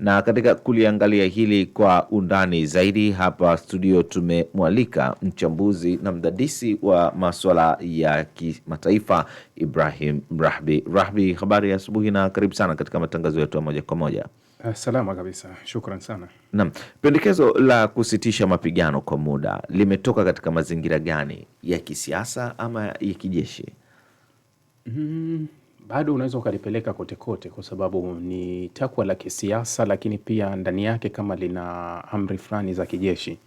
Na katika kuliangalia hili kwa undani zaidi, hapa studio tumemwalika mchambuzi na mdadisi wa maswala ya kimataifa Ibrahim Rahbi. Rahbi, habari ya asubuhi na karibu sana katika matangazo yetu ya moja kwa moja. Eh, salama kabisa, shukran sana. nam pendekezo la kusitisha mapigano kwa muda limetoka katika mazingira gani, ya kisiasa ama ya kijeshi? mm -hmm bado unaweza ukalipeleka kote kote, kwa sababu ni takwa la kisiasa, lakini pia ndani yake kama lina amri fulani za kijeshi.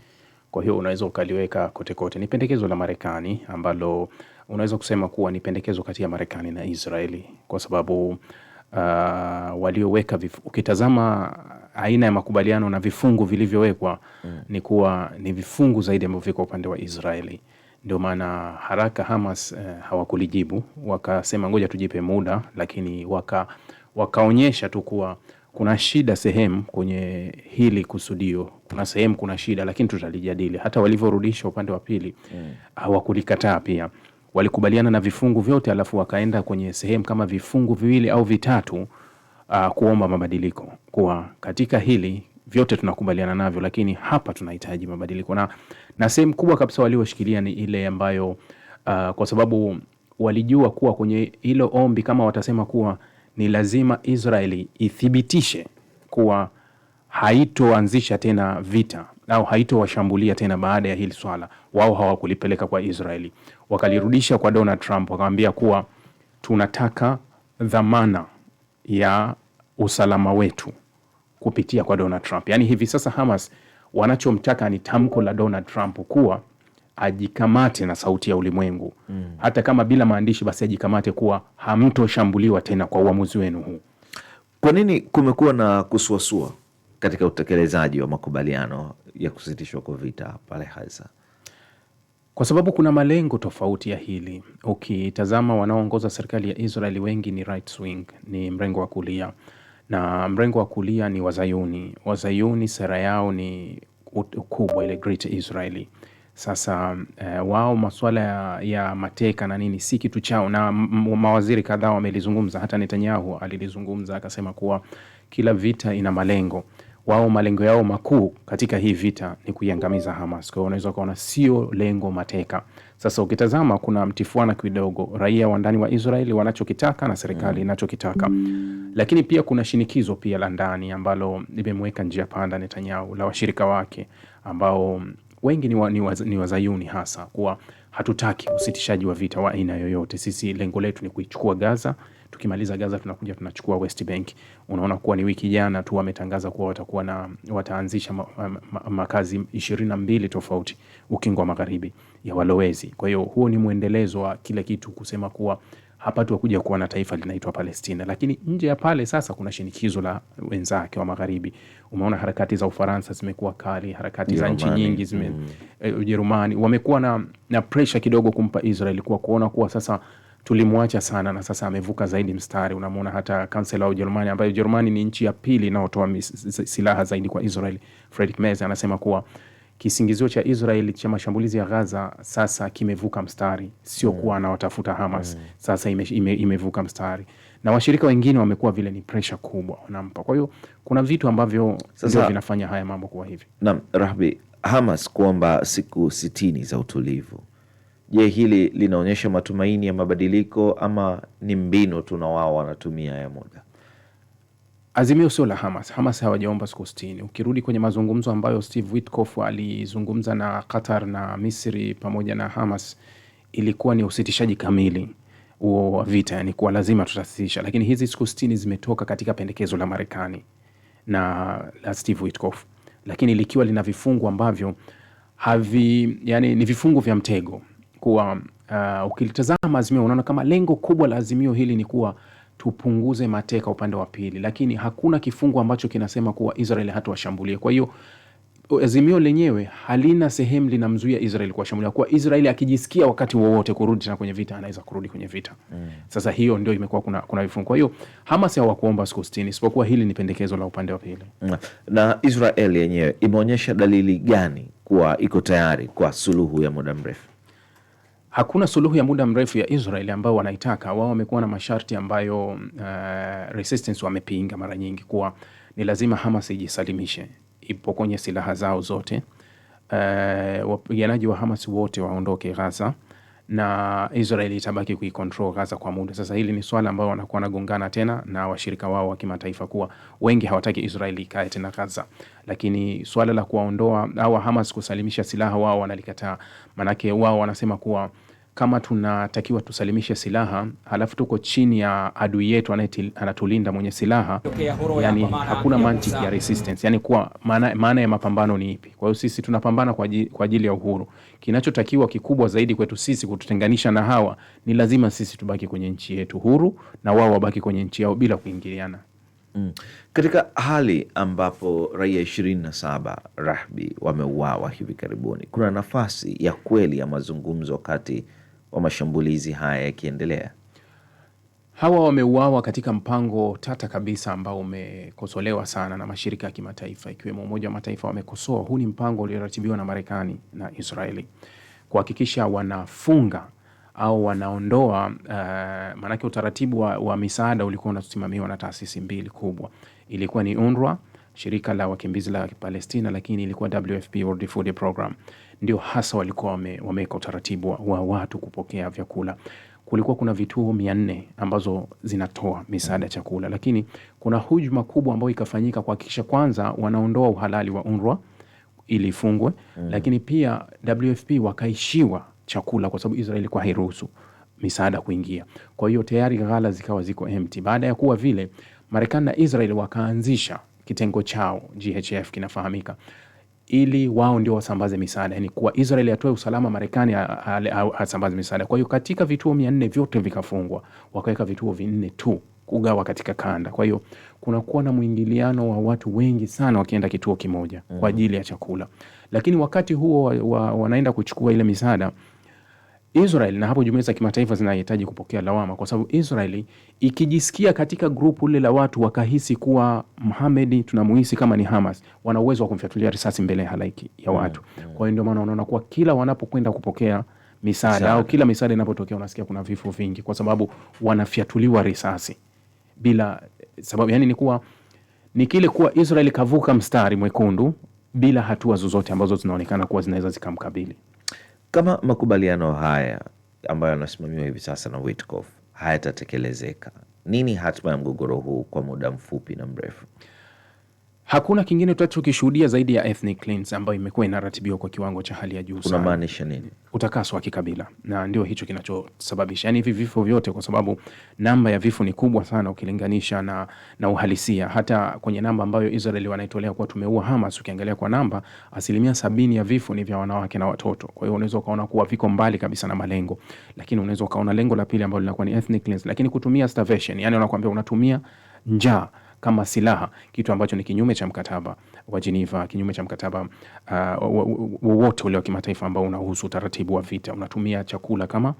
Kwa hiyo unaweza ukaliweka kote kote. Ni pendekezo la Marekani ambalo unaweza kusema kuwa ni pendekezo kati ya Marekani na Israeli kwa sababu uh, walioweka ukitazama aina ya makubaliano na vifungu vilivyowekwa mm, ni kuwa ni vifungu zaidi ambavyo viko upande wa Israeli. Ndio maana haraka Hamas eh, hawakulijibu, wakasema ngoja tujipe muda, lakini waka wakaonyesha tu kuwa kuna shida sehemu kwenye hili kusudio, kuna sehemu kuna shida, lakini tutalijadili. Hata walivyorudisha upande wa pili mm. hawakulikataa mm. Pia walikubaliana na vifungu vyote, alafu wakaenda kwenye sehemu kama vifungu viwili au vitatu, uh, kuomba mabadiliko kuwa katika hili vyote tunakubaliana navyo, lakini hapa tunahitaji mabadiliko na, na sehemu kubwa kabisa walioshikilia ni ile ambayo uh, kwa sababu walijua kuwa kwenye hilo ombi kama watasema kuwa ni lazima Israeli ithibitishe kuwa haitoanzisha tena vita au haitowashambulia tena baada ya hili swala, wao hawakulipeleka kwa Israeli, wakalirudisha kwa Donald Trump, wakamwambia kuwa tunataka dhamana ya usalama wetu kupitia kwa Donald Trump. Yaani hivi sasa Hamas wanachomtaka ni tamko la Donald Trump kuwa ajikamate na sauti ya ulimwengu mm. hata kama bila maandishi basi ajikamate kuwa hamtoshambuliwa tena kwa uamuzi wenu huu. Kwa nini kumekuwa na kusuasua katika utekelezaji wa makubaliano ya kusitishwa kwa vita pale hasa? Kwa sababu kuna malengo tofauti ya hili. Ukitazama, wanaoongoza serikali ya Israeli wengi ni right wing, ni mrengo wa kulia na mrengo wa kulia ni Wazayuni. Wazayuni sera yao ni ukubwa, ile Great Israeli. Sasa uh, wao masuala ya, ya mateka na nini si kitu chao, na mawaziri kadhaa wamelizungumza, hata Netanyahu alilizungumza akasema kuwa kila vita ina malengo wao malengo yao makuu katika hii vita ni kuiangamiza Hamas. Kwa hiyo unaweza ukaona sio lengo mateka. Sasa ukitazama kuna mtifuana kidogo, raia wa ndani wa Israeli wanachokitaka na serikali mm. inachokitaka, lakini pia kuna shinikizo pia la ndani ambalo limemweka njia panda Netanyahu, la washirika wake ambao wengi ni, wa, ni, wa, ni wazayuni hasa kuwa hatutaki usitishaji wa vita wa aina yoyote, sisi lengo letu ni kuichukua Gaza tukimaliza Gaza tunakuja tunachukua West Bank. Unaona kuwa ni wiki jana tu wametangaza kuwa watakuwa na wataanzisha makazi ma, ma, ishirini na mbili tofauti ukingo wa magharibi ya walowezi. Kwa hiyo huo ni mwendelezo wa kile kitu kusema kuwa hapa tuwakuja kuwa na taifa linaitwa Palestina, lakini nje ya pale sasa kuna shinikizo la wenzake wa magharibi. Umeona harakati za Ufaransa zimekuwa kali, harakati za nchi nyingi zime mm. Eh, Ujerumani mm. wamekuwa na, na presha kidogo kumpa Israel kuwa kuona kuwa sasa tulimwacha sana, na sasa amevuka zaidi mstari. Unamwona hata kansela wa Ujerumani, ambayo Ujerumani ni nchi ya pili inayotoa silaha zaidi kwa Israel, Friedrich Merz anasema kuwa kisingizio cha Israel cha mashambulizi ya Gaza sasa kimevuka mstari, sio mm. kuwa anawatafuta Hamas mm. Sasa ime, ime, imevuka mstari na washirika wengine wamekuwa vile ni pressure kubwa wanampa. Kwa hiyo kuna vitu ambavyo ndio vinafanya haya mambo kuwa hivi. Naam, Rahbi, Hamas kuomba siku sitini za utulivu Je, hili linaonyesha matumaini ya mabadiliko ama ni mbinu tu na wao wanatumia ya muda? Azimio sio la Hamas. Hamas hawajaomba siku sitini. Ukirudi kwenye mazungumzo ambayo Steve Witkoff alizungumza na Qatar na Misri pamoja na Hamas, ilikuwa ni usitishaji kamili huo wa vita, yani kuwa lazima tutasitisha, lakini hizi siku sitini zimetoka katika pendekezo la Marekani na la Steve Witkoff, lakini likiwa lina vifungu ambavyo havi, yani ni vifungu vya mtego kuwa uh, ukilitazama azimio unaona kama lengo kubwa la azimio hili ni kuwa tupunguze mateka upande wa pili, lakini hakuna kifungu ambacho kinasema kuwa Israel hatawashambulie. Kwa hiyo azimio lenyewe halina sehemu linamzuia Israel kuwashambulia, kuwa Israel akijisikia wakati wowote kurudi tena kwenye vita anaweza kurudi kwenye vita mm. Sasa hiyo ndio imekuwa kuna, kuna vifungu. Kwa hiyo Hamas hawakuomba siku sitini, isipokuwa hili ni pendekezo la upande wa pili mm. Na Israel yenyewe imeonyesha dalili gani kuwa iko tayari kwa suluhu ya muda mrefu? Hakuna suluhu ya muda mrefu ya Israel ambao wanaitaka. Wao wamekuwa na masharti ambayo uh, resistance wamepinga mara nyingi kuwa ni lazima Hamas ijisalimishe, kwenye silaha zao zote, uh, wapiganaji wa Hamas wote waondoke Gaza na Israel itabaki kuikontrol Gaza kwa muda. Sasa hili ni swala ambao wanakuwa wanagongana tena na washirika wao wa kimataifa, kuwa wengi hawataki Israel ikae tena Gaza, lakini swala la kuwaondoa au Hamas kusalimisha silaha wao wanalikataa, manake wao wanasema kuwa kama tunatakiwa tusalimishe silaha halafu tuko chini ya adui yetu anatulinda mwenye silaha, yani hakuna mantiki ya resistance, yani kuwa maana, ya mapambano ni ipi? Kwa hiyo sisi tunapambana kwa ajili ya uhuru. Kinachotakiwa kikubwa zaidi kwetu sisi kututenganisha na hawa ni lazima sisi tubaki kwenye nchi yetu huru na wao wabaki kwenye nchi yao bila kuingiliana. Mm. Katika hali ambapo raia ishirini na saba Rahbi wameuawa hivi karibuni, kuna nafasi ya kweli ya mazungumzo kati wa mashambulizi haya yakiendelea. Hawa wameuawa katika mpango tata kabisa ambao umekosolewa sana na mashirika ya kimataifa ikiwemo Umoja wa Mataifa. Wamekosoa, huu ni mpango ulioratibiwa na Marekani na Israeli kuhakikisha wanafunga au wanaondoa uh, maanake utaratibu wa, wa misaada ulikuwa unasimamiwa na taasisi mbili kubwa, ilikuwa ni UNRWA, shirika la wakimbizi la Palestina, lakini ilikuwa WFP, World Food Program ndio hasa walikuwa wame, wameweka utaratibu wa, wa watu kupokea vyakula. Kulikuwa kuna vituo mia nne ambazo zinatoa misaada ya chakula, lakini kuna hujuma kubwa ambayo ikafanyika kuhakikisha kwanza wanaondoa uhalali wa UNRWA ili ifungwe mm. Lakini pia WFP wakaishiwa chakula kwa sababu Israeli ilikuwa hairuhusu misaada kuingia. Kwa hiyo tayari ghala zikawa ziko empty. Baada ya kuwa vile, Marekani na Israel wakaanzisha kitengo chao, GHF kinafahamika ili wao ndio wasambaze misaada, yani kuwa Israeli atoe usalama, Marekani asambaze misaada. Kwa hiyo katika vituo mia nne vyote vikafungwa, wakaweka vituo vinne tu kugawa katika kanda. Kwa hiyo kunakuwa na mwingiliano wa watu wengi sana wakienda kituo kimoja mm -hmm. kwa mhm. ajili ya chakula, lakini wakati huo wa, wa, wanaenda kuchukua ile misaada Israel na hapo jumuiya za kimataifa zinahitaji kupokea lawama, kwa sababu Israeli ikijisikia katika grupu lile la watu wakahisi kuwa Muhammad tunamuhisi kama ni Hamas, wana uwezo wa kumfyatulia risasi mbele ya halaiki ya mm, watu. Mm. Kwa hiyo ndio maana wanaona kuwa kila wanapokwenda kupokea misaada au kila misaada inapotokea unasikia kuna vifo vingi, kwa sababu wanafyatuliwa risasi bila sababu. Yani ni kuwa ni kile kuwa Israel kavuka mstari mwekundu bila hatua zozote ambazo zinaonekana kuwa zinaweza zikamkabili. Kama makubaliano haya ambayo yanasimamiwa hivi sasa na Witkoff hayatatekelezeka, nini hatma ya mgogoro huu kwa muda mfupi na mrefu? Hakuna kingine tunachokishuhudia zaidi ya ethnic cleans ambayo imekuwa inaratibiwa kwa kiwango cha hali ya juu sana. Unamaanisha nini? Utakaswa kikabila, na ndio hicho kinachosababisha yani hivi vifo vyote, kwa sababu namba ya vifo ni kubwa sana ukilinganisha na, na uhalisia. Hata kwenye namba ambayo Israeli wanaitolea kuwa tumeua Hamas, ukiangalia kwa namba, asilimia sabini ya vifo ni vya wanawake na watoto. Kwa hiyo unaweza ukaona kuwa viko mbali kabisa na malengo, lakini unaweza ukaona lengo la pili ambalo linakuwa ni ethnic cleans, lakini kutumia starvation, yani wanakuambia unatumia njaa kama silaha, kitu ambacho ni kinyume cha mkataba wa Geneva, kinyume cha mkataba uh, wowote uh, ule wa kimataifa ambao unahusu utaratibu wa vita. Unatumia chakula kama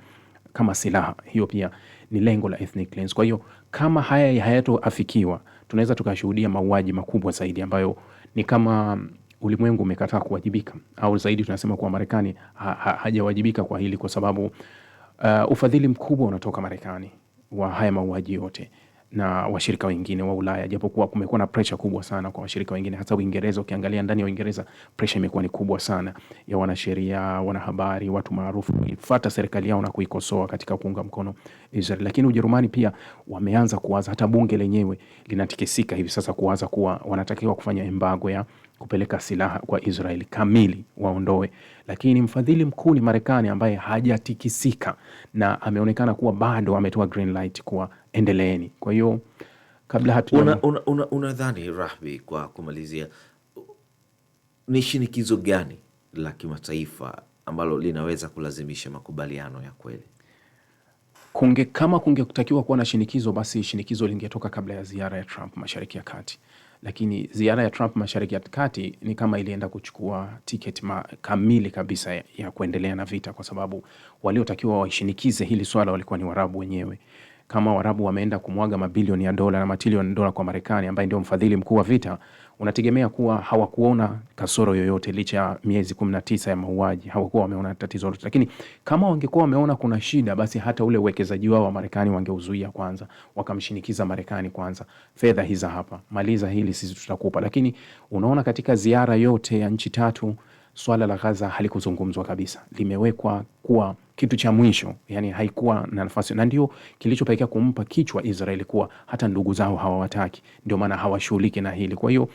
kama silaha, hiyo pia ni lengo la ethnic cleanse. Kwa hiyo kama haya hayatoafikiwa, tunaweza tukashuhudia mauaji makubwa zaidi ambayo ni kama ulimwengu umekataa kuwajibika, au zaidi tunasema kuwa Marekani ha, ha, hajawajibika kwa hili, kwa sababu uh, ufadhili mkubwa unatoka Marekani wa haya mauaji yote na washirika wengine wa Ulaya, japokuwa kumekuwa na presha kubwa sana kwa washirika wengine, hasa Uingereza. Ukiangalia ndani ya Uingereza, presha imekuwa ni kubwa sana ya wanasheria, wanahabari, watu maarufu kuifuata serikali yao na kuikosoa katika kuunga mkono Israel. Lakini Ujerumani pia wameanza kuwaza, hata bunge lenyewe linatikisika hivi sasa kuwaza kuwa wanatakiwa kufanya embargo ya kupeleka silaha kwa Israel kamili waondoe, lakini mfadhili mkuu ni Marekani ambaye hajatikisika na ameonekana kuwa bado ametoa green light kuwa endeleeni. Kwa hiyo kabla hatu unadhani una, una, una Rahbi, kwa kumalizia, ni shinikizo gani la kimataifa ambalo linaweza kulazimisha makubaliano ya kweli? Kunge, kama kungetakiwa kuwa na shinikizo basi shinikizo lingetoka kabla ya ziara ya Trump Mashariki ya Kati, lakini ziara ya Trump Mashariki ya Kati ni kama ilienda kuchukua tiketi kamili kabisa ya, ya kuendelea na vita, kwa sababu waliotakiwa waishinikize hili swala walikuwa ni warabu wenyewe kama Waarabu wameenda kumwaga mabilioni ya dola na matilioni ya dola kwa Marekani ambaye ndio mfadhili mkuu wa vita, unategemea kuwa hawakuona kasoro yoyote licha ya miezi kumi na tisa ya mauaji, hawakuwa wameona tatizo lolote. Lakini kama wangekuwa wameona kuna shida, basi hata ule uwekezaji wao wa Marekani wangeuzuia kwanza, wakamshinikiza Marekani kwanza, fedha hizi hapa, maliza hili, sisi tutakupa. Lakini unaona katika ziara yote ya nchi tatu swala la Gaza halikuzungumzwa kabisa, limewekwa kuwa kitu cha mwisho, yani haikuwa na nafasi, na ndio kilichopelekea kumpa kichwa Israeli kuwa hata ndugu zao hawawataki, ndio maana hawashughuliki na hili. Kwa hiyo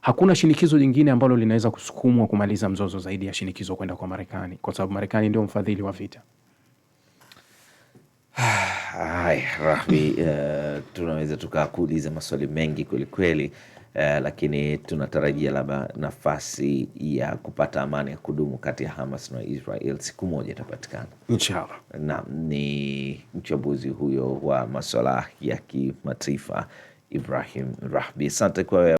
hakuna shinikizo jingine ambalo linaweza kusukumwa kumaliza mzozo zaidi ya shinikizo kwenda kwa Marekani, kwa sababu Marekani ndio mfadhili wa vita. Hai, Rahbi, uh, eh, tunaweza tukakuuliza maswali mengi kwelikweli, uh, eh, lakini tunatarajia labda nafasi ya kupata amani ya kudumu kati ya Hamas na Israel siku moja itapatikana inshallah. Naam, ni mchambuzi huyo wa maswala ya kimataifa Ibrahim Rahbi, asante kwa